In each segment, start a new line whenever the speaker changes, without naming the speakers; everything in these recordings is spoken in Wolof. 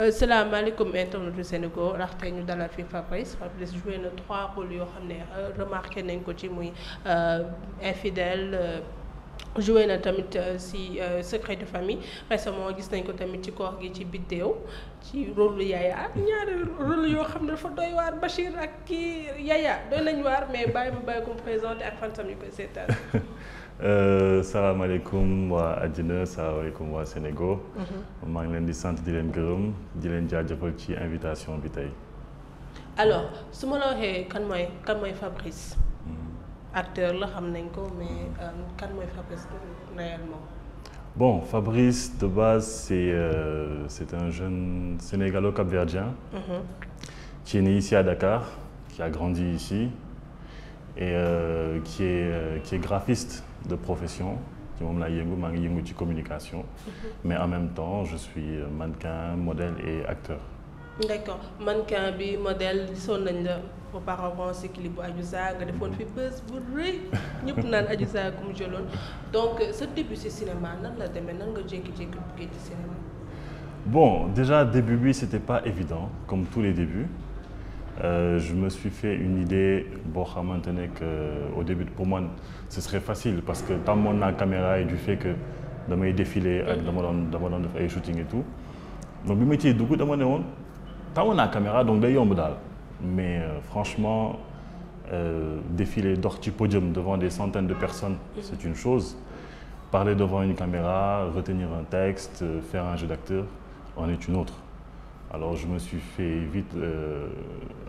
Euh, salaamaaleykum internet du Sénégal ndax tey ñu dalal fi Fabrice Fabrice joué trois rôles yoo xam ne euh, remarqué nañ ko ci muy euh, infidèle joué na tamit si secret de famille récemment gis nañ ko tamit ci koor gi ci biddéew ci rôle Yaya ak ñaari rôle yoo xam ne dafa doy waar Bachir ak kii Yaya doy nañ waar mais bàyyi ma bàyyi ko présenté ak fansam yu koy seetaan
Euh, salaamaaleykum waa àddina salaamaaleykum waa Sénégal. Mm-hmm. maa ngi leen di sant di leen gërëm di leen jaajëfal ci invitation bi tey.
alors ma la waxee kan mooy Fabrice. Mm-hmm. acteur la xam nañ ko mais euh, kan mooy Fabrice réellement.
bon Fabrice de base c'est euh, un jeune sénégalo-capverdien. Mm -hmm. qui est à Dakar qui a grandi ici. e qui est euh, qui de profession ci moom laa yëngu maa ngi yëngu ci communication mhm. mais en même temps je suis euh, mannequin modèle et acteur
d'accord mannequin bi modèle gisoon nañ la auparavant si clip bu Adiouza nga defoon fi bés bu rëy ñëpp naan Adiouza ku mu jëloon donc sa début si cinéma nan la demee nan nga jékki-jékki buggee ci cinéma
bon déjà début bi c'était pas évident comme tous les débuts Euh, je me suis fait une idée boo xamante ne que euh, au début pour moi ce serait facile parce que tàmmoon naa caméra yi du fait que damay défilé ak mhm. dama doon dama doon def ay shooting et tout donc bi ma ciy dugg dama ne woon tàmmoon naa caméra donc day yomb daal mais euh, franchement euh, défilé dox ci podium devant des centaines de personnes mhm. c'est une chose parler devant une caméra retenir un texte euh, faire un jeu d'acteur en est une autre Alors je me suis fait vite euh,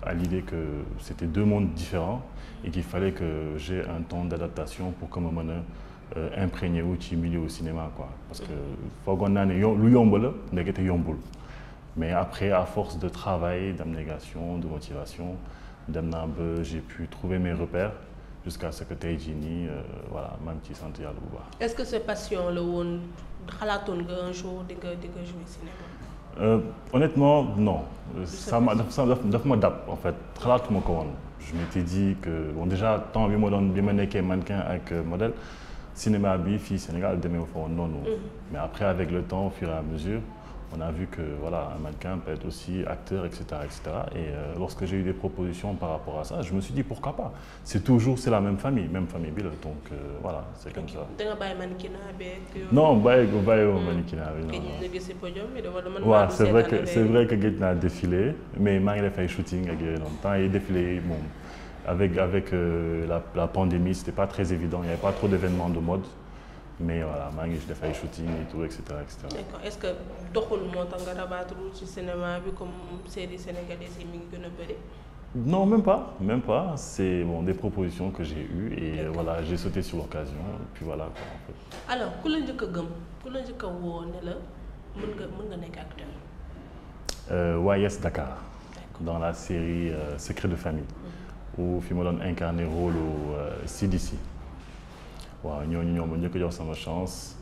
à l'idée que c'était deux mondes différents et qu'il fallait que j'ai un temps d'adaptation pour que ma mën a imprégné wu ci milieu cinéma parce que foogoon naa ne lu yomb la ndekete yombul mais après à force de travail d'abnégation de motivation dem naa ba j'ai pu trouver mes repères jusqu'à ce que tey jii nii euh, voilà maa ngi ciy sant bu baax.
est-ce que c'est passion la woon xalaatoon nga jour di nga jouer cinéma.
Euh, honnêtement non ça ma daf daf ma dab en fait xalaatuma ko woon je m'étais dit que bon déjà temps bi ma doon bi ma nekkee mannequin ak euh, modèle cinéma bi fii Sénégal demeewul fa woon noonu mm-hmm. mais après avec le temps au fur et à mesure on a vu que voilà, un mannequin peut être aussi acteur, etc. etc. Et euh, lorsque j'ai eu des propositions par rapport à ça, je me suis dit pourquoi pas. C'est toujours c'est la même famille, même famille Bill, donc euh, voilà, c'est comme ça. Non, bàyyi bàyyi woo hmm. mannequinat bi
non. waaw c'est vrai que c'est vrai
que gëj naa défilé mais maa ngi def ay shooting ak yooyu noonu temps yi défilé yi moom avec avec euh, la, la pandémie c'était pas très évident il y avait pas trop d'événements de mode. mais voilà maa ngi def ay shooting et tout et cetera et cetera. d'accord est-ce
que doxul moo tax nga rabattre ci bi comme série sénégalaise yi mi ngi gën a bëri.
non même pas même pas c'est bon des propositions que j'ai eues et euh, voilà j'ai sauté sur l'occasion puis voilà quoi en fait.
alors ku la njëkk a gëm la njëkk woo ne la mën nga mën nga nekk acteur.
Euh, YS Dakar. dans la série euh, Secret de famille. Mm -hmm. où fi ma doon incarner rôle euh, waaw ñooñu ñoo ma njëkk jox sama chance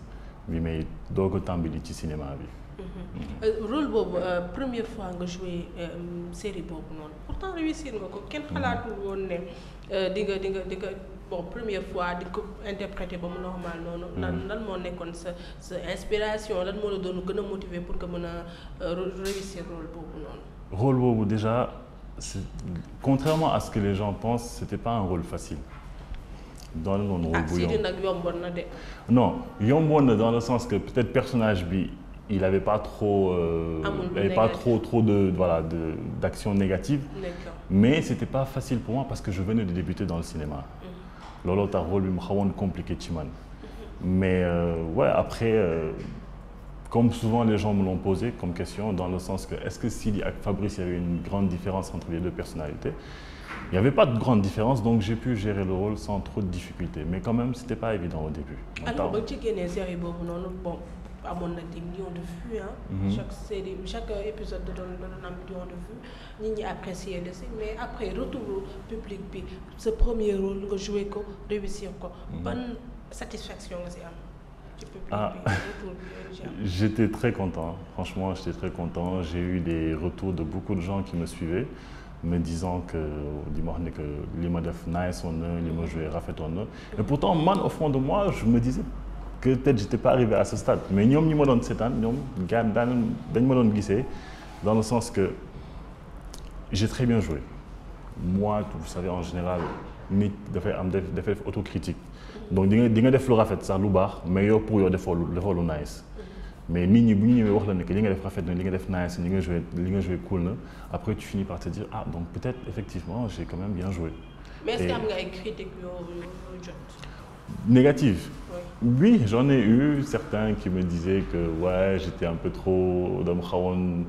bi may doog a tàmbali ci cinéma bi.
Mm-hmm. Euh, rôle boobu euh, première fois nga joué euh, série boobu noonu pourtant réussir nga ko kenn xalaatul mm-hmm. di nga di nga di nga bon première di ko interpréter ba mu normal noonu. lan mm-hmm. lan moo nekkoon sa sa inspiration lan moo la doon gën a motiver pour que mën a réussir rôle boobu noonu.
rôle boobu déjà c'est contrairement à ce que les gens pensent c'était pas un rôle facile. doon na woon. bu yomb
nag yomboon na de.
non yomboon na dans le sens que peut-être personnage bi il avait pas trop. Euh, il avait pas trop trop de voilà de d'action négative. mais c'était pas facile pour moi parce que je venais de débuter dans le cinéma. Mhm. looloo tax rôle bi mu xawoon compliqué ci man. mais euh, ouais après euh, comme souvent les gens me l'ont posé comme question dans le sens que est-ce que Sidi ak Fabrice il y avait une grande différence entre les deux personnalités. Il n'y avait pas de grande différence, donc j'ai pu gérer le rôle sans trop de difficultés. Mais quand même, ce pas évident au début. Alors, quand tu
as série, de vues. Mhm. chaque, série, chaque épisode donne, donne un million de vues. Nous avons apprécié le Mais après, retour public, puis, ce premier rôle que joué, réussir. Quoi. Mm -hmm. Bonne satisfaction, c'est
ah, euh, j'étais très content, franchement j'étais très content. J'ai eu des retours de beaucoup de gens qui me suivaient. me disant que di ma wax ne que li ma def nice woon na li ma joué rafetoon na et pourtant man au fond de moi je me disais que peut-être j'étais pas arrivé à ce stade mais ñoom ñi ma doon seetaan ñoom gars daan dañ ma doon gisee dans le sens que j'ai très bien joué moi vous savez en général nit dafay am def def autocritique donc di nga di nga def lu rafet sax lu baax mais yow pour yow defoo lu nice mais nit ñi bu ñu ñëwee wax la ne que li nga def rafet na li nga def nice li nga joué li nga joué cool na après tu finis par te dire ah donc peut-être effectivement j'ai quand même bien joué. mais est-ce que am nga
ay critiques yoo jot.
négatives. oui j'en ai eu certains qui me disaient que ouais j'étais un peu trop dama xawoon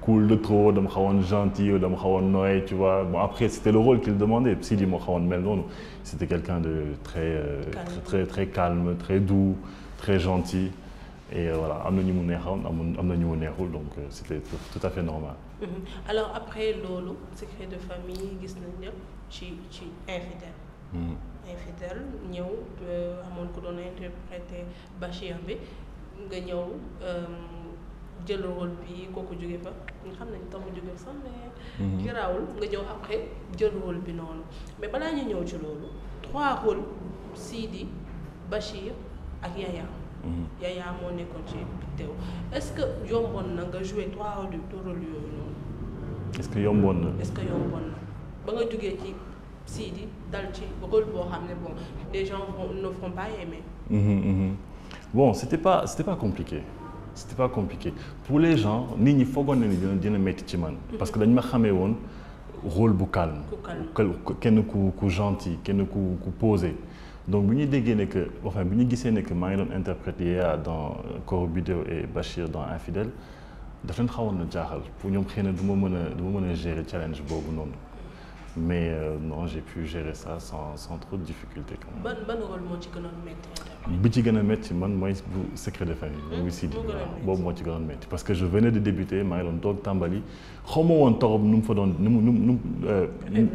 cool de trop dama xawoon gentil ou dama xawoon nooy tu vois bon après c'était le rôle qu'il demandait si li ma xawoon mel noonu c'était quelqu'un de très, euh, très très très calme très doux très gentil. Euh, voilà am na ñu mu neexoon am na ñu mu neexul donc euh, c'était tout à fait normal.
Mm-hmm. alors après loolu secret de famille gis na ne ci ci infidèle. Mm. ñëw euh, amoon ku doon interpréter Bachir bi nga ñëw jël rôle bi kooku jóge fa xam nañ tax mu fa sax mais. Mm-hmm. giraawul nga ñëw après jël bi noonu mais balaa ñu ñëw ci loolu trois rôles Sidi Bachir ak Yaya. Yaya moo nekkoon ce que
que yomboon que
yomboon na ba nga jógee ci bon les gens ne feront pas aimer.
Mmh, mmh. bon c'était pas c'était pas compliqué. c'était pas compliqué pour les gens nit ñi foogoon na ni man. Mm-hmm. parce que dañ ma xamee woon rôle bu calme. ku calme kenn ku ku gentil donc bu ñuy déggee ne que waxee bu ñu gisee ne que maa ngi doon interpréter Yaya dans Corobideo euh, et Bachir dans infidel daf leen xawoon na jaaxal pour ñoom xëy na du ma mën a du mën a gérer challenge boobu noonu mais euh, non j'ai pu gérer sa sans sans trop de difficulté. ban
ban rôle moo ci gënoon métti.
bi ci gën a métti man mooy bu secret de famille. boobu si di boobu moo ci gënoon métti parce que je venais de débuter maa ngi doon toog tàmbali xaw ma woon torop nu mu fa doon nu mu nu mu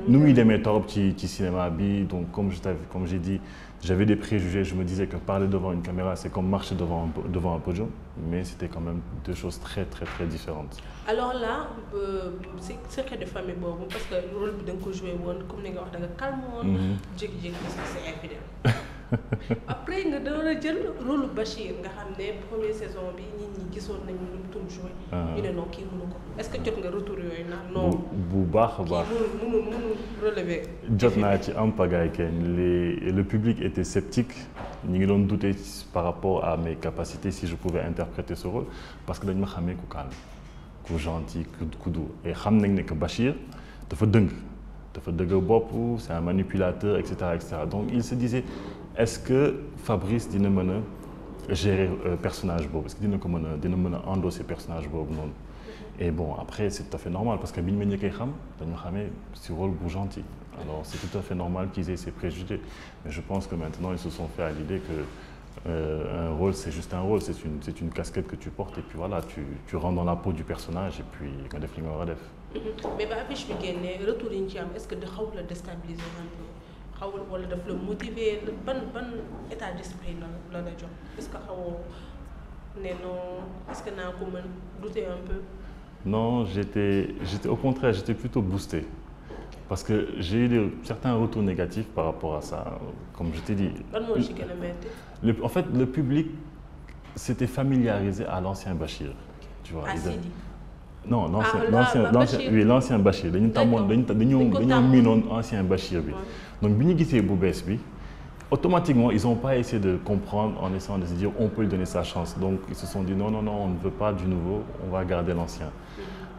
nu euh, muy demee torop ci ci cinéma bi donc comme je t'avais comme j'ai dit. J'avais des préjugés, je me disais que parler devant une caméra, c'est comme marcher devant un, devant un podium, mais c'était quand même deux choses très, très, très différentes.
Alors là, euh, c'est secret de famille, parce que le rôle mhm. que vous jouez, comme vous l'avez dit, calme, jékki-jékki, c'est infidèle. après nga doon a jël rôle Bachir nga xam ne première saison bi nit ñi gisoon nañu lu mu tudd joué. Ah. ñu ne non kii mënu ko est-ce que jot nga retour baax a baax
jot naa ci am pagaille kenn les le public était ngi doon douter par rapport à mes capacités parce que dañ ma xamee ku calme ku xam nañ ne que Bachir dafa dëng dafa dëgg bopp c'est un manipulateur et il se disait. est-ce que Fabrice dina mën a gérer euh, personnage boobu est-ce que dina ko mën a dina mën a endosser personnage boobu noonu et bon après c'est tout à fait normal parce que bi ñu ma ñëkkee xam dañu xamee si rôle bu gentil alors c'est tout à fait normal qu'ils aient ces préjugés mais je pense que maintenant ils se sont fait à l'idée que euh, un rôle c'est juste un rôle c'est une c'est une casquette que tu portes et puis voilà tu tu rentres dans la peau du personnage et puis nga def li nga war a def.
mais ba affiche bi génnee retour yi ñu ci am est-ce que xaw la déstabiliser un peu. xawul wala daf la motiver ban ban état d'esprit la la est que xawoo ne non est-ce que naa douter un peu.
non j'étais j'étais au contraire j'étais plutôt boosté parce que j'ai eu de, certains retours négatifs par rapport à ça comme je t'ai dit. le en fait le public s'était familiarisé à l'ancien Bachir. tu vois. non ah, l'ancien l'ancien l'ancien oui l'ancien Bachir dañu tàmmoon dañu dañoo dañoo miinoon ancien Bachir bi donc bi ñu gisee bu bees bi automatiquement ils ont pas essayé de comprendre en essayant de se dire on peut lui sa chance donc ils se sont dit non non non on ne veut pas du nouveau on va garder l'ancien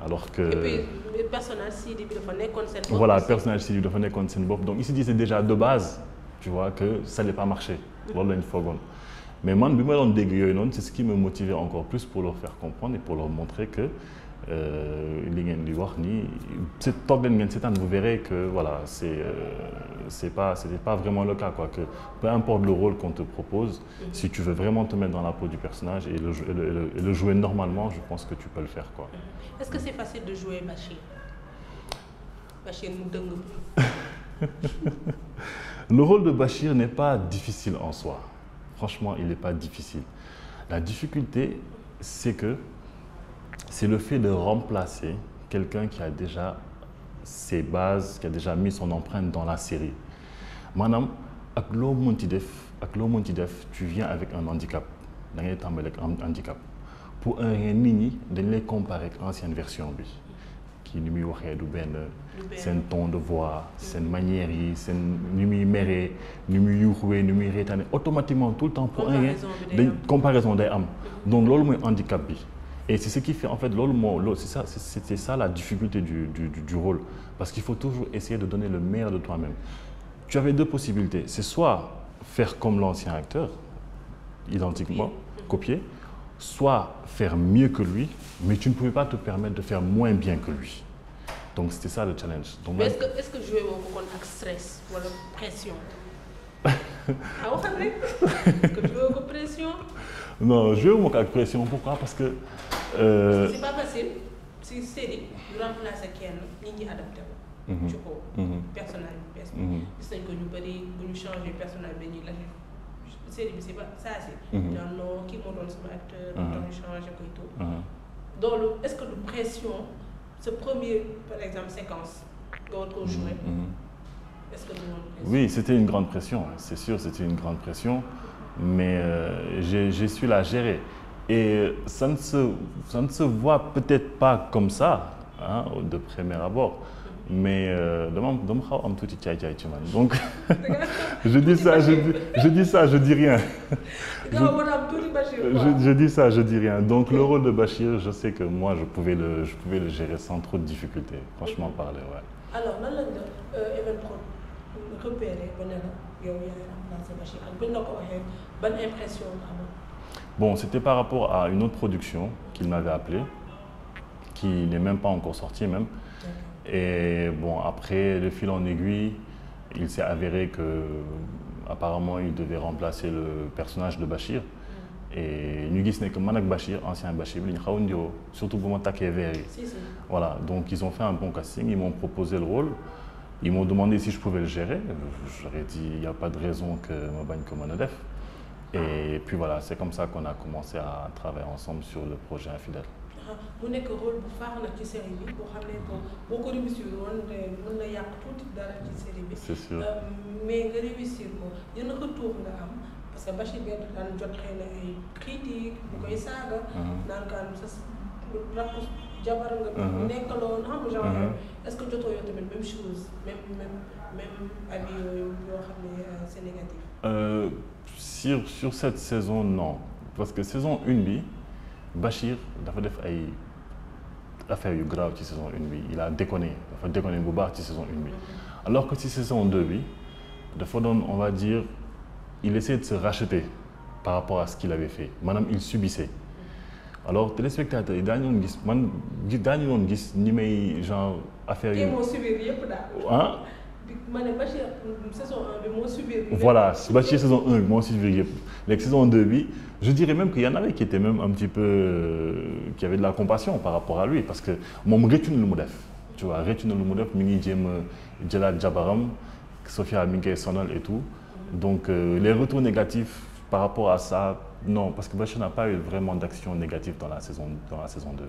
alors que. et
puis personnage Sidi bi dafa nekkoon seen bopp. voilà personnage
Sidi bi dafa nekkoon seen bopp donc ils se disaient déjà de base tu vois que ça n'allait pas marcher. loolu la ñu mais man bi ma doon dégg yooyu noonu c'est ce qui me motivait encore Euh, li ngeen di wax nii si toog leen ngeen seetaan vous verrez que voilà c'est euh, c'est pas c'était pas vraiment le cas quoi que peu importe le rôle qu'on te propose mm-hmm. si tu veux vraiment te mettre dans la peau du personnage et le et le, et le jouer normalement je pense que tu peux le faire quoi. Mm-hmm.
Est-ce que c'est facile de jouer Bachir Bachir mu dëng.
le rôle de Bachir n'est pas difficile en soi franchement il n'est pas difficile la difficulté c'est que c'est le fait de remplacer quelqu'un qui a déjà ses bases qui a déjà mis son empreinte dans la série maanaam ak loo mënti def ak loo mënti def tu viens avec un handicap da ngay tàmbali ak handicap pour un rien nit ñi dañ lay comparer ak ancienne version bi kii ni muy waxee du benn seen ton de voix seen manière yi seen ni muy meree ni muy yuuxuwee ni muy reetaane automatiquement tout le temps pour un rien dañ comparaison day am donc loolu mooy handicap bi Et c'est ce qui fait, en fait, c'est ça, c'était ça la difficulté du, du, du rôle. Parce qu'il faut toujours essayer de donner le meilleur de toi-même. Tu avais deux possibilités. C'est soit faire comme l'ancien acteur, identiquement, copier, soit faire mieux que lui, mais tu ne pouvais pas te permettre de faire moins bien que lui. Donc c'était ça le challenge. Donc, mais est-ce que,
est-ce que jouer beaucoup avec stress ou avec pression Ah ouais, Est-ce que jouer avec pression
Non, jouer beaucoup avec pression, pourquoi Parce que Euh, c'est pas
facile si série du remplacer kenn ñi ngi adapté ko. Mhm. ci kaw. Mhm. personnel bi bees bi. Mhm. gis nañ ko ñu bëri bu ñu changé personnel bi dañuy laaj série bi c'est pas saa si. daan noo kii moo doon sama acteur. doon changé ko et tout. loolu est-ce que du pression sa premier par exemple séquence nga war
koo joué. est pression. oui c'était une grande pression c'est sûr c'était une grande pression mais euh, j'ai j'ai su la gérer. Et ça ne se, ça ne se voit peut-être pas comme ça, hein, de premier abord. mais dama am dama xaw am tuuti caay-caay ci man donc je dis ça je dis je dis ça je dis rien je,
je, je
dis ça je dis rien donc le rôle de Bachir je sais que moi je pouvais le je pouvais le gérer sans trop de difficulté franchement parler ouais.
alors nan lañ def Evenprod euh, repéré ba ne la yow yaa am naa sa Bachir ak buñ la ko waxee ban impression am
Bon, c'était par rapport à une autre production qu'il m'avait appelé, qui n'est même pas encore sortie même. Et bon, après, de fil en aiguille, il s'est avéré que apparemment il devait remplacer le personnage de Bachir. Mm. et ñu gis ne que man ak Bachir ancien Bachir bi la ñu xaw a ndiroo surtout bu ma takkee verre yi. voilà donc ils ont fait un bon casting ils m'ont proposé le rôle. ils m'ont demandé si je pouvais le gérer j'aurais dit il y a pas de raison que ma bañ ko mën a def. et puis voilà c'est comme ça qu'on a commencé à travailler ensemble sur le projet Infidèles.
mu nekk rôle bu faax la ci série bi boo xam ne boo boo ko réussir woon mën na yàq tuuti dara ci série bi.
c'est sûr euh,
mais nga réussir ko yéen a ko tuur nga am parce que Bachir Gueye daan jot xëy critique bu koy saaga. naan kaan sa jabar nga. nekkaloon xam nga genre est-ce que jotoo yow tamit même chose même même même avis xam ne euh, c'est négatif.
Euh, sur sur cette saison non parce que saison une bi Bachir dafa def ay affaire yu grave ci saison une bi il a déconné dafa déconné bu baax ci saison une bi alors que si saison deux bi dafa doon on va dire il essaie de se racheter par rapport à ce qu'il avait fait maanaam il subissait alors téléspectateurs yi daañu doon gis man daañu doon gis ñi may genre affaire yu ah
ma ne Bachir euh, saison 1 bi moo subir. voilà
Bachir saison 1 bi moo subir yëpp léegi saison bi je dirais même qu'il y en avait qui étaient même petit peu euh, qui avait de la compassion par rapport à lui parce que moom rëccu na lu mu def tu vois rëccu na lu mu def mi ngi jéem a euh, jëlaat jabaram Sofia mi ngi koy sonal et donc les retours négatifs par rapport à ça non parce que Bachir n'a pas eu vraiment d'action négative dans la saison dans la saison 2. Mm.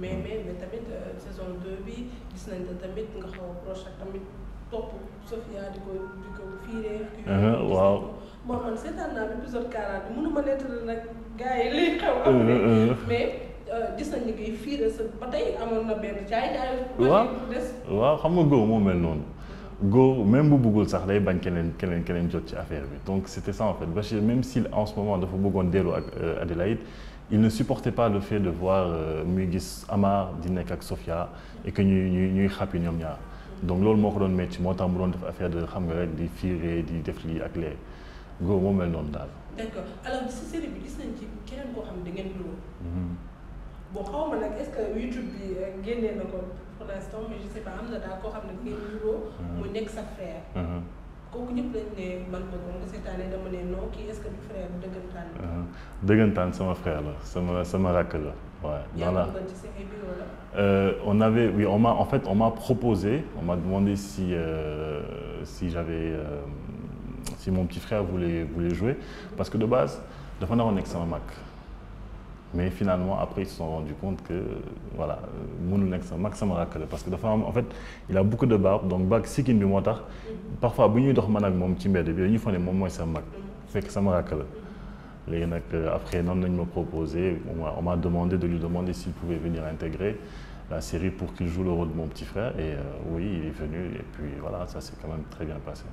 mais mais mais tamit saison 2 bi gis nañ tamit nga xaw a proche tamit. topp Sofia di ko di ko fiiree. waaw moom man seetaan naa épisode 40 mënuma nettali nag gars liy xew. mais euh, gis nañu ngay fiire sa ba tey amoon na benn jaay jaay. waaw
xam nga góor moo mel noonu. góor même bu bëggul sax day bañ keneen keneen keneen jot ci affaire bi donc c' était ça en fait Bachir même s'il en ce moment dafa bëggoon dellu ak euh, Adélaïde il ne supportait pas le fait de voir euh, muy gis Amar di nekk ak Sofia et que ñuy ñuy ñuy donc loolu moo ko doon metti moo tax mu doon def affaire de xam nga rek di fiire di def lii ak lee góor moo mel noonu daal.
d'accord alors si série bi mhm. ma euh, génnee na ko pour l'instant mais je am na daal koo xam ne da ngeen niroo. Mhm. nekk sa frère. Mhm. kooku ñëpp dañ ne man ko nga seetaanee dama ne non kii du frère
dëggantaan. dëggantaan sama frère la sama rakk la. Ouais, dans la... euh, m'a, en fait, on m'a proposé, si, euh, si j'avais, euh, si mon petit frère que de base, Dafa naroon nekk sama mag mais finalement après ils se sont rendus compte que voilà euh, mënul nekk sama mag sama rakk la parce que fait il a de barbe donc bague sikkin bi moo tax mm. parfois bu ñuy dox man ak moom ci mbedd bi dañuy foog moom mooy sama mag mm. fekk sama rakk léegi euh, nag après noonu nañ ma proposé on m'a demandé de lui demander s'il pouvait venir intégrer la série pour qu'il joue le rôle de mon petit frère et euh, oui il est venu et voilà ça s'est quand même très bien passé.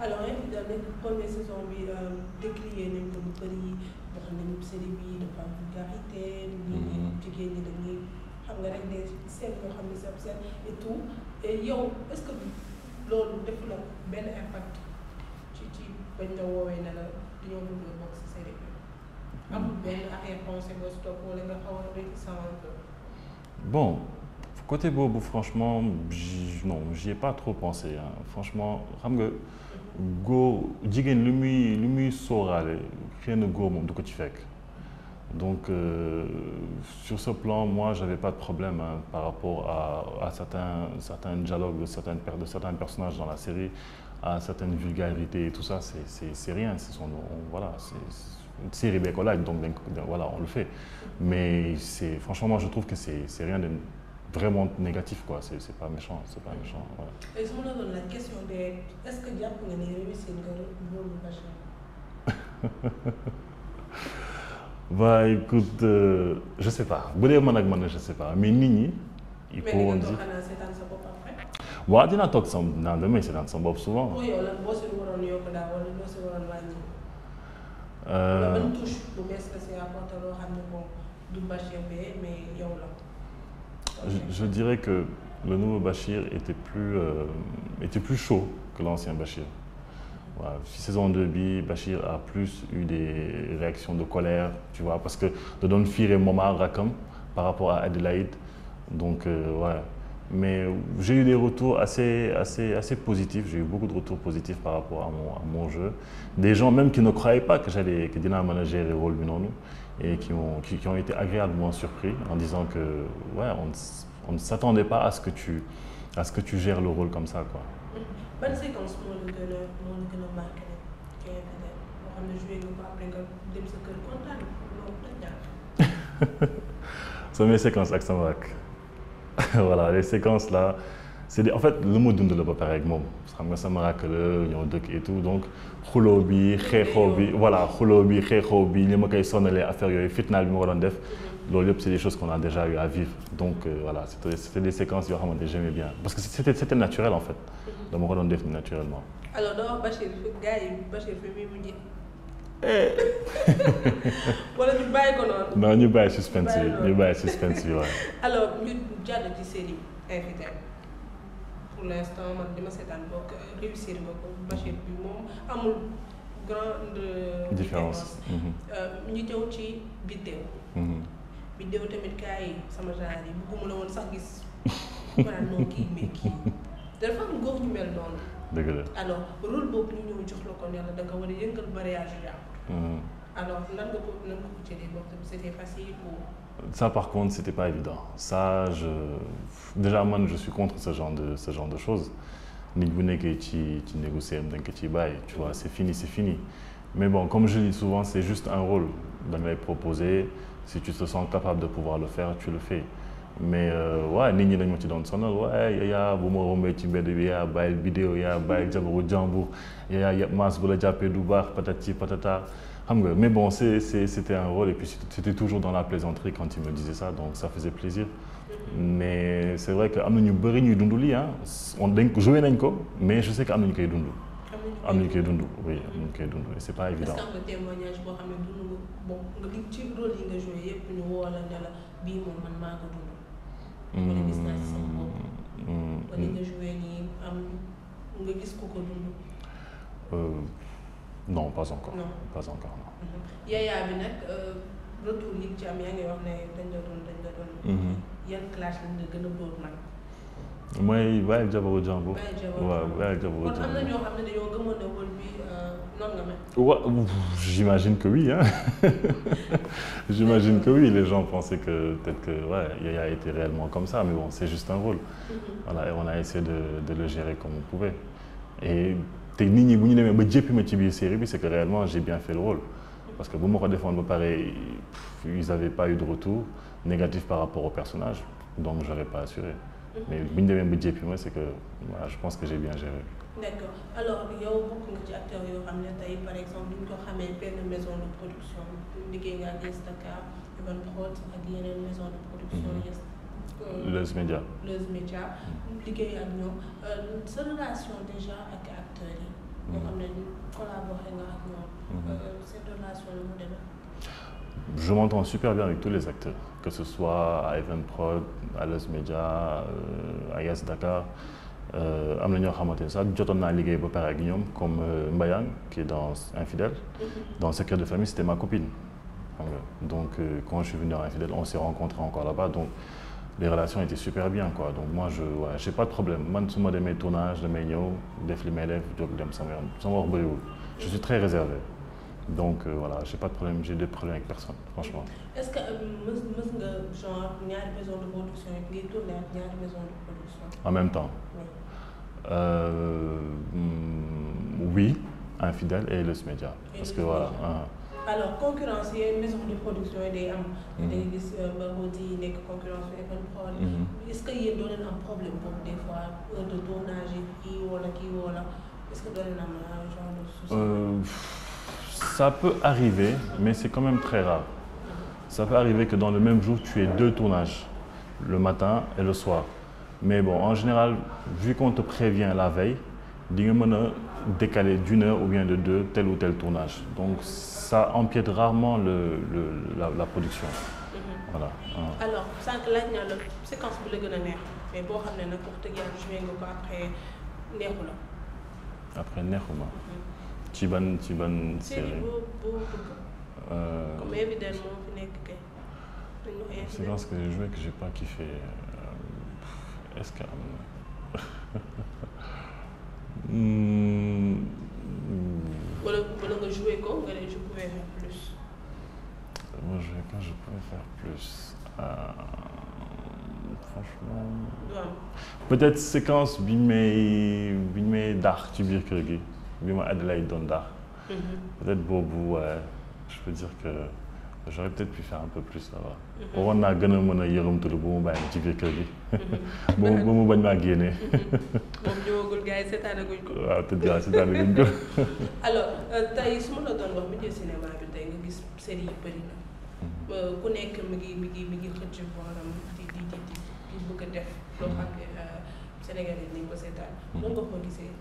alors évidemment première saison bi euh, décrié nañ ko lu bëri wax nañu série bi dafa am vulgarité. nit ñi mhm. jigéen ñi dañuy et tout et yow est-ce que loolu def na benn impact ci ci bañ la woowee na la. yow mu ngi bokk si série bi amul benn affaire pensée boo si topp wala nga xaw a réticent un peu.
bon côté boobu franchement non j'y ai pas trop pensé hein. franchement xam nga góor jigéen lu muy lu muy sóoraale xëy na góor moom du ko ci fekk. donc euh, sur ce plan moi j'avais pas de problème hein, par rapport à à certains certains dialogues de certaines de certains personnages dans la série à certaines vulgarités et tout ça, c'est rien. Son, on, voilà, c'est une série d'écolades, donc voilà, on le fait. Mais franchement, moi, je trouve que c'est rien de vraiment négatif, quoi. C'est pas méchant, c'est pas méchant. Voilà. Et écoute, euh, je sais pas. Boudé Managman, je sais pas. Mais Nini, il faut. on dit. waaw dinaa toog sama naan damay si naan souvent. pour
yow lan
je dirais que le nouveau Bachir était plus euh, chaud que l'ancien Bachir. Saison 2 bi Bachir a plus eu des réactions de colère tu vois parce que da doon fiire moment rakam par rapport à Adélaïde donc euh, Mais j'ai eu des retours assez, assez, assez positifs. J'ai eu beaucoup de retours positifs par rapport à mon, à mon jeu. Des gens même qui ne croyaient pas que j'allais que Dina manager les rôles Binonu et qui ont, qui, qui, ont été agréablement surpris en disant que ouais, on, on ne s'attendait pas à ce que tu à ce que tu gères le rôle comme ça quoi.
Ban séquence moo la gën a moo la gën a marqué rek kii ak kii boo xam ne joué nga ko après nga dem sa kër kontaan loolu la jàpp.
sama séquence ak sama rakk. voilà les séquences là c'est en fait lu ma dund la ba pare ak moom xam sama rakk la ñoo dëkk et tout donc xuloo bi xeexoo bi voilà xuloo bi xeexoo bi li ma koy sonalee affaire yooyu fitnaal bi ma ko doon def loolu yëpp c'est des choses qu'on a déjà eu à vivre donc euh, voilà des séquences yoo xamante j'aimais bien parce que c'était c'était naturel en fait mm-hmm. dama ko doon def naturellement.
alors doo Bachir gars yi Bachir fi
Eh.
wala ñu bàyyi ko noonu. non ñu bàyyi suspense ñu bàyyi suspense yi waaw. alors ñu jàll ci série Infidèles pour l'instant man li ma seetaan bokk réussir ma ko Bachir bi moom amul grande différence. Mhm. Euh, ñu jëw ci Biddéew. Mhm. Biddéew tamit kaay sama genre yi bëgguma la woon sax gis. maanaam noonu kii mais kii dafa ñu mel noonu. dëgg la alors rôle boobu la
hmm. par contre c'était pas évident déjà man je suis contre ce genre de ce de choses nit bu nekkee ci ci négocier da nga ko ciy bàyyi tu vois c'est fini c'est fini mais bon comme je dis souvent c'est juste un rôle da nga proposé proposer si tu te sens capable de pouvoir le faire tu le fais. mais waaw euh, ni ñi nañ ma ci doon sonal waaye yaa bu ma rombee ci mbedd bi yaa bàyyil vidéo yaa bàyyil jabaru jàmbur yaa yab bu la jàppee du baax patati patata xam nga mais bon c'est c'est c'était un rôle et puis dans la plaisanterie quand il me disait ça donc ça faisait mais c'est vrai que am na ñu bëri ñuy dund lii ah on dañ ko joué nañ ko mais je sais que am na ñu koy dund. am nañu koy dund oui am nañu koy dund c'est pas évident. est-ce que am
nga témoignage dund bon ci rôle nga joué yëpp
man gis naa ci sama bopp. wala nga
joué nii am nga gis ko ko dund.
non pas encore. non pas encore non.
yaayaa bi nag retour ci am yaa ngi wax ne dañ la doon dañ la doon. yan clash lañ nga gën a bóor nag.
mooy bàyyil jabaru jàmbur. waaw bàyyil jabaru jàmbur. kon am na
ñoo xam ne dañoo gëmoon ne wóol bi euh, noonu
nga mel. les gens pensaient que peut-être que ouais a été réellement comme ça mais bon c'est juste un rôle. Mm-hmm. voilà et on a essayé de le gérer comme on pouvait et te nit ñi bu ñu demee ba jéppi ma ci biir série bi c'est que réellement j'ai bien fait le rôle. parce que bu ma ko defoon ba pare ils avaient pas eu de retour négatif par rapport au personnage donc j'aurais pas assuré. mais bu ñu demee ba jéppi ma c'est que moi je pense que j'ai bien géré.
d'accord alors yow bokk nga ci acteur yoo xam ne tey par exemple duñ ko xamee benn maison de production liggéey nga ak Yes Dakar Evan Prod ak yeneen maison de production mhm. Yes. Euh, Leuz Média. Mhm. ak ñoom euh, sa relation déjà ak acteurs yi. Mhm. nga xam ne collaboré nga ak ñoom. seen euh, relation la
je m'entends super bien avec tous les acteurs, que ce soit à Event Prod, à Les Media, euh, à Yes Dakar. Euh, am na ñoo xamante ni sax jotoon naa liggéey ba pare ak ñoom comme euh, Mbayang qui est dans Infidèle. Mm-hmm. dans Secret de famille c'était ma copine. xam nga donc quand je suis venu dans Infidèle on s'est rencontrés encore là-bas donc les relations étaient super bien quoi donc moi je ouais j'ai pas de problème man su ma demee tournage damay ñëw def li may def jóg dem sama yoon sama wax bëriwul je suis très réservé. donc euh, voilà j'ai pas de problème j'ai des problèmes avec personne franchement.
est-ce que euh, mës nga genre ñaari maison de production yi ngay tourner ak de production. en même temps.
Euh, hmm, oui. Euh, oui Infidèles et Média. parce que voilà.
alors concurrence yi maison de production yi day am. Mhm. day gis Mbargo di nekk concurrence bi école prod. Mhm. est-ce que yéen doo leen am problème boobu des fois heure est-ce que doo leen am genre de
souci. ca peut arriver, mais c'est quand même très rare. Ça peut arriver que dans le même jour, tu aies deux tournages, le matin et le soir. Mais bon, en général, vu qu'on te prévient la veille, di nga mën a décaler d'une heure ou bien de deux tel ou tel tournage donc ça empiète rarement la, la production. Mhm. voilà. alors
sànq laaj la séquence
après neexu ci ban ci ban. série boo euh, que
j'ai
joué que j'ai pas kiffé est-ce que am na.
wala nga joué ko nga je
pouvais faire plus. Euh, franchement. peut-être séquence bi ñu may bi ñu may ci biir kër gi. bi ma Adelaide doon daax mhm. peut boobu waaye je peux dire que j'aurais peut mhm. naa gën a mën a yërëmtulu ba mu bàyyi ma ci kër gi. Mhm. ba mu bañ maa génnee. moom ñëwagul
gars yi seetaanaguñ ko. waaw te gars yi seetaanaguñ ko. alors euh, tey su ma la doon wax milieu cinéma bi tey nga gis série yi bëri na. Euh, ku nekk mi ngi mi ngi xëcc booram di di di di bëgg a def. loo xam ne euh, Sénégalais ko seetaan. mën nga ko gisee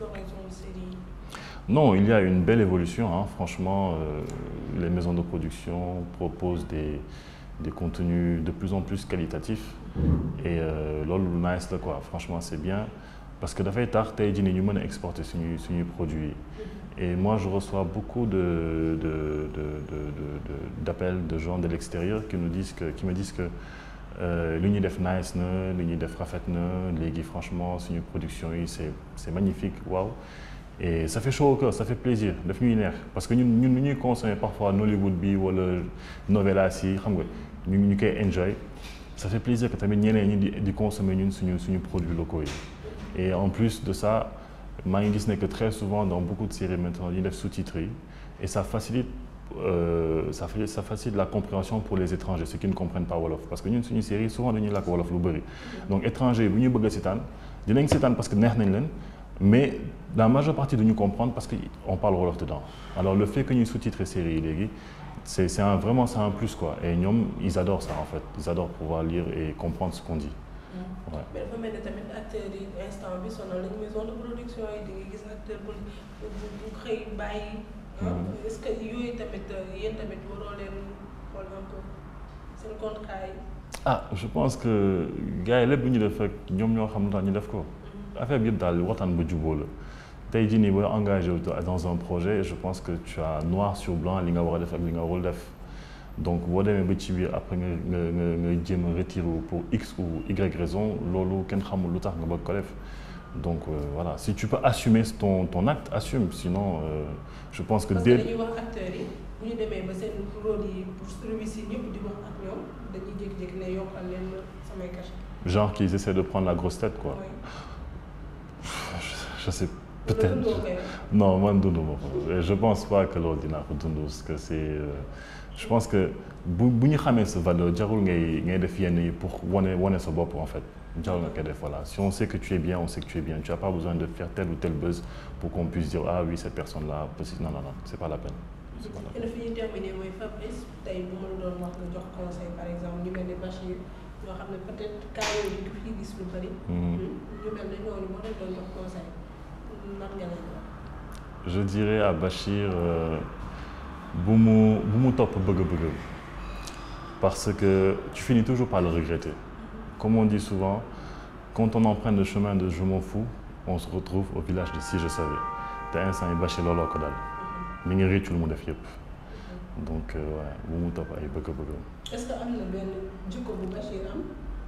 l'exploration de séries
non, il y a une belle évolution. Hein. Franchement, euh, les maisons de production proposent des, des, contenus de plus en plus qualitatifs. Et euh, lol, nice, là, quoi. Franchement, c'est bien. Parce que d'affaire tard, Taïdine et Newman exportent ce produit. Et moi, je reçois beaucoup d'appels de, de, de, de, gens de l'extérieur qui, nous disent que, qui me disent que Euh, li ñuy def nice na li ñuy def rafet na léegi franchement suñu production yi c'est c'est magnifique waaw et ça fait chaud au cœur ça fait plaisir daf ñuy neex parce que ñun ñun lu ñuy consommer parfois Nollywood bi wala novelas yi xam nga ñu ñu koy enjoy ça fait plaisir que tamit ñeneen ñi di di consommer ñun suñu suñu produits locaux yi en plus de sa maa ngi gis ne que très souvent dans beaucoup de séries maintenant ñu def sous-titres yi et ça facilite Euh, ça, fait, ça facilite la compréhension pour les étrangers ceux qui ne comprennent pas wolof parce que ñun suñu série souvent dañuy làkk wolof lu bëri donc étranger bu ñuy bëgg a seetaan dinañ seetaan parce que neex nañ leen mais la majeure partie duñu comprendre parce que on parle wolof dedans alors le fait que ñuy sous-titrer série yi léegi c'est c'est un vraiment c'est un plus quoi et ñoom ils adorent ça en fait ils adorent pouvoir lire et comprendre ce qu'on dit waaw mmh.
mais dafa mel ni tamit acteurs yi instant bi sonal nañu maison de production yi di nga gis acteur bu bu xëy bàyyi. est-ce que yooyu
euh, ah je pense que gars yi lépp ñu def rek ñoom ñoo xam ne ñu def ko. Mm-hmm. affaire yëpp daal waxtaan ba jubóo la tey jii nii booy engagé dans un projet je pense que tu as noir sur blanc li nga war a def ak li nga warul def donc boo demee ba ci biir après nga nga nga jéem a retiré pour x ou y raison loolu kenn xamul lu tax nga bëgg ko def. donc euh, voilà si tu peux assumer ton ton acte assume sinon euh, je pense que. parce que genre qu'ils essaient de prendre la grosse tête quoi. je, je peut-être non man dundu ma je pense pas que loolu dinaa ko parce que c'est euh, je pense que bu bu ñu xamee sa valeur jarul ngay ngay def yenn yi pour wane wane sa bopp en fait. Voilà. Si on sait que tu es bien, on sait que tu es bien. Tu n'as pas besoin de faire tel ou tel buzz pour qu'on puisse dire Ah oui, cette personne-là, non, non, non, c'est pas la peine.
te mel ne Bachir ñoo xam ne peut-être cas yooyu fi gis lu bari. Hmm. ñu mel ne ñooñu moo leen doon jox conseil
je dirais à Bachir euh, bu mu bu mu topp parce que tu finis toujours par le regretter. Comme on dit souvent, quand on emprunte le chemin de je m'en fous, on se retrouve au village de si je savais te instant yi bâché looloo ko daal mi ngi réccu lu mu def yëpp donc waaw euh, bu mu topp ay bëgg-bëggam.
est-ce que am na benn jikko bu Bachir am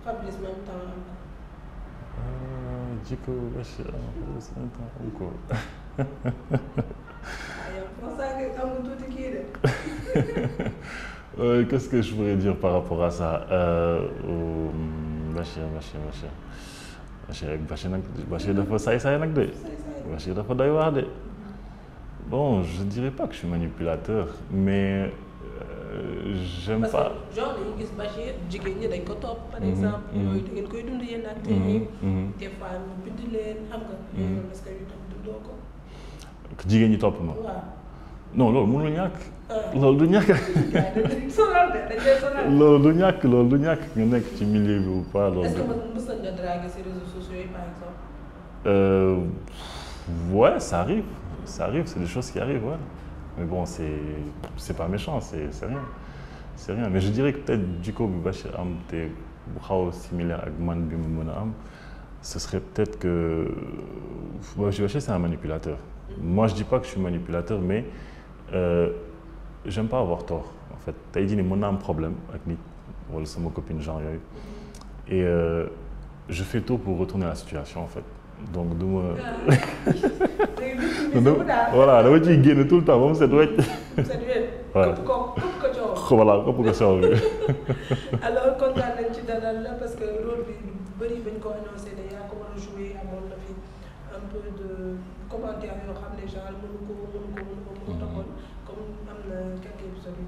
Fabrice même temps am ko.
Euh, jikko bu Bachir am Fabrice même temps am ko. Euh, qu'est-ce que je pourrais dire par rapport à ça euh, euh, Bachir Bachir Bachir Bachir Bachir nag Bachir dafa saay-saay nag de Bachir dafa doy waar de bon je dirais pas que je suis manipulateur mais euh, j'aime pas parce
que genre gis Bachir jigéen ñi dañ ko topp par mhm, exemple mhm. yooyu da ngeen koy dund yéen ak tey mhm, nii des fois ñu bind leen xam nga parce que yu tam dundoo ko
jigéen ñi topp ma non loolu mënul ñàkk. loolu du ñàkk. loolu du ñàkk nekk ci milieu bi ou pas loolu. est-ce que
mës nga draguer ci réseaux sociaux yi par exemple.
Euh, c'est des qui arrivent mais bon c'est pas méchant c'est rien mais je dirais que peut-être am te bu xaw a similaire ak man bi mu mën a am ce serait peut-être que euh, Bachir c'est un manipulateur. Mm-hmm. moi je dis pas que je suis manipulateur mais. Euh, j'aime pas avoir tort en fait tey jii nii mën naa am problème ak nit wala sama copine genre yooyu et euh, je fais tout pour retourner la situation en fait donc du ah. ma. voilà dama ciy génn tout le temps ba mu set wecc. voilà këpp ko këpp ko voilà këpp ko coow bi.
alors kontaan nañ ci la parce que rôle bi lu bëri bañ ko annoncé ne yaa ko war a joué amoon na un peu de commentaire yoo xam ne genre mënu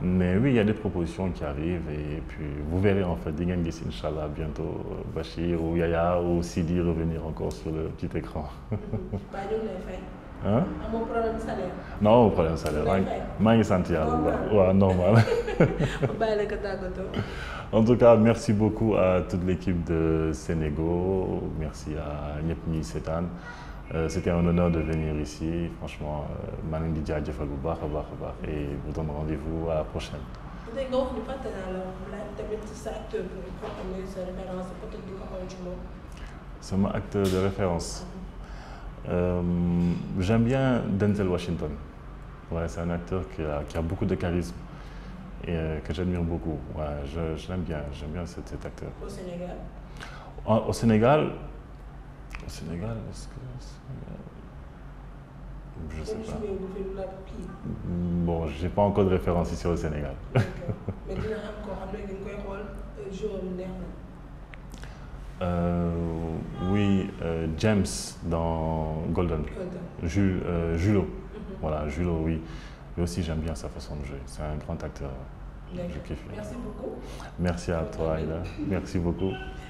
mais oui il y a des propositions qui arrivent et puis vous verrez en fait di ngeen gis incha allah bientôt euh, Bachir ou Yaya ou Sidi revenir encore sur le petit écran ah.
non problème salaire maa ngi sant yàlla bu baax
waaw normal. en tout cas merci beaucoup à toute de Sénégo merci à ñëpp ñuy seetaan. Euh, c'était un honneur de venir ici franchement euh, maa ngi leen di jaajëfal bu baax a baax a baax et vous donne rendez-vous à la prochaine.
léegi nga wax ni partenaire la laaj tamit sa acteur sa référence peut-être di ko xool ci moom.
sama acteur de référence. Ah euh, j'aime bien Denzel Washington. Ouais, c'est un acteur qui a, qui a beaucoup de charisme et euh, que j'admire beaucoup. Ouais, je, je l'aime bien, j'aime bien cet, cet acteur. Au Sénégal? Au, ah, au Sénégal, au Sénégal est-ce je sais pas bon j'ai pas encore de référence ici au Sénégal. mais euh, euh, euh, James dans Golden. Jules euh, Julo. Mm -hmm. voilà Julo oui sa façon de jouer c'est un grand acteur. je kiffe. merci beaucoup. merci à